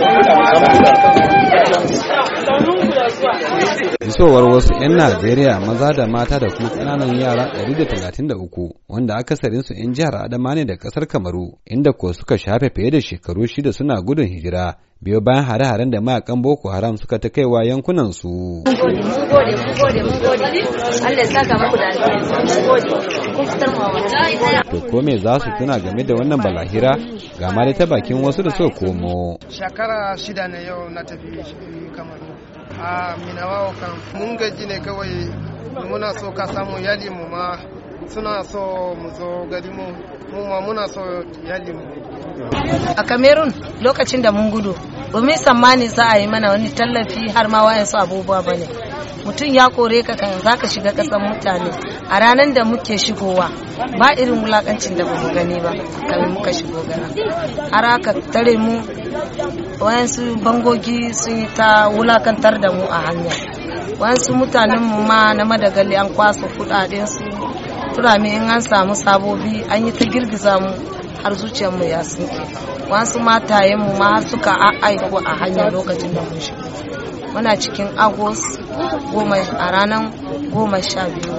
Tamam. Isowar wasu 'yan Najeriya maza da mata da kuma ƙananan yara 133 wanda akasarin su 'yan jihar Adama ne da ƙasar Kamaru inda ko suka shafe fiye da shekaru shida suna gudun hijira biyo bayan hare-haren da mayakan Boko Haram suka ta kaiwa yankunan su. To ko me za su tuna game da wannan balahira ga ma ta bakin wasu da suka komo. Shekara shida ne yau na tafi Kamaru. a ah, minawa kan mun gaji ne kawai muna so ka samu yali mu ma suna so mu zo gari mu mu ma muna so yali mu a cameroon lokacin da mun gudu ba mai tsammani za a yi mana wani tallafi har ma wayan su abubuwa ba ne mutum ya kore ka kan za ka shiga kasan mutane a ranar da muke shigowa ba irin wulakancin da bamu gani ba kamin muka shigo gana har aka tare mu wayansu bangogi sun yi ta wulakantar da mu a hanya wayansu mutanen mu ma na madagali an kwasa kudaden su turame in an samu sabobi an yi ta girgiza mu har zuciyar mu ya sunke wasu matayen mu ma suka aiko a hanya lokacin da mun shigo muna cikin agos goma a ranar goma sha biyu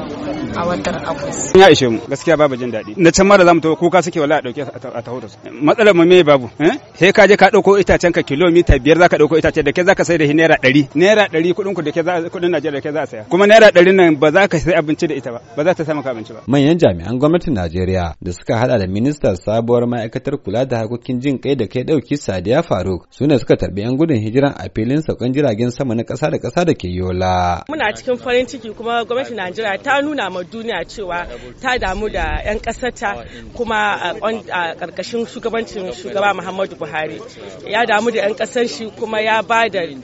a watan Agus. Ya ishe mu gaskiya babu jin daɗi. Na can da zamu tawo kuka suke wala a ɗauke a taho da su. Matsalar mu me babu? Sai eh? ka je ka ɗauko itacen ka kilomita biyar za ka ɗauko itace da ke za ka sai da shi naira ɗari. Naira ɗari kuɗin ku da ke kuɗin Najeriya da ke za a saya. Kuma naira ɗari nan ba za ka sai abinci da ita ba. Ba za ta sa maka abinci ba. Manyan jami'an gwamnatin Najeriya da suka haɗa da ministan sabuwar ma'aikatar kula da harkokin jin kai da kai ɗauki Sadiya Faruk su ne suka tarbi 'yan gudun hijira a filin saukan jiragen sama na ƙasa da ƙasa da ke Yola. Muna cikin farin ciki kuma gwamnati gwamnatin Najeriya ta nuna ma duniya cewa ta damu da 'yan ƙasarta kuma a ƙarƙashin shugabancin shugaba Muhammadu Buhari ya damu da 'yan ƙasar shi kuma ya ba da eh,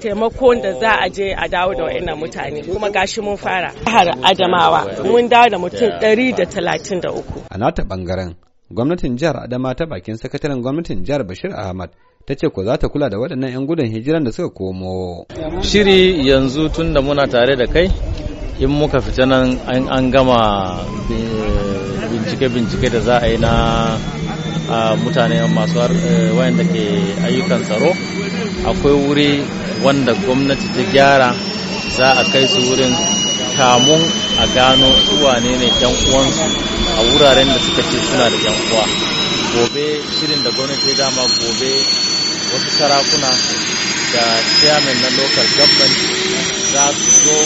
taimakon da za a je a dawo da wa'annan mutane kuma gashi mun fara har Adamawa mun dawo da mutum 133 a nata bangaren gwamnatin jihar Adama ta bakin sakataren gwamnatin jihar Bashir Ahmad ta ce ko za ta kula da waɗannan 'yan gudun hijiran da suka komo. Shiri yanzu tun da muna tare da kai in muka fita nan an gama eh, bincike-bincike da za a yi na mutane masu eh, wayanda ke ayyukan tsaro akwai wuri wanda gwamnati ta gyara za a kai su wurin kamun a gano wane ne yan uwansu a wuraren da suka ce suna da yan uwa gobe shirin da gwamnati dama gobe wasu sarakuna da chairman na local government za su zo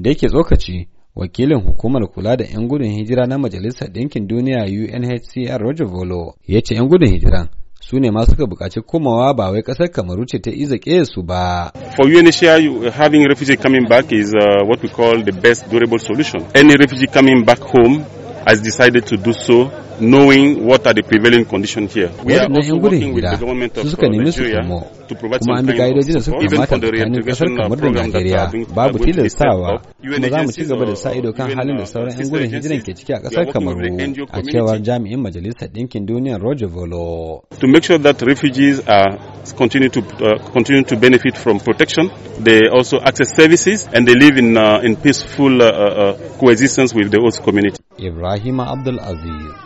da yake tsokaci wakilin hukumar kula da 'yan gudun hijira na majalisar ɗinkin duniya unhcr roger volo ya ce 'yan gudun hijira su ne masu ka bukaci komawa ba wai kasar kamaru ce ta iza su ba. For UNHCR, uh, having refugee coming back is uh, what we call the best durable solution. Any refugee coming back home has decided to do so knowing what are the prevailing conditions here. We are also working with the government of Nigeria to provide some kind of support even for the reintegration program that babu tilastawa kuma za mu ci gaba da sa ido kan halin da uh, sauran 'yan gudun hijiran ke ciki a ƙasar Kamaru a cewar jami'in Majalisar Ɗinkin Duniya Roger Volo. To make sure that refugees are continue to uh, continue to benefit from protection, they also access services and they live in uh, in peaceful uh, uh, uh coexistence with the host community. ibrahima Abdul Aziz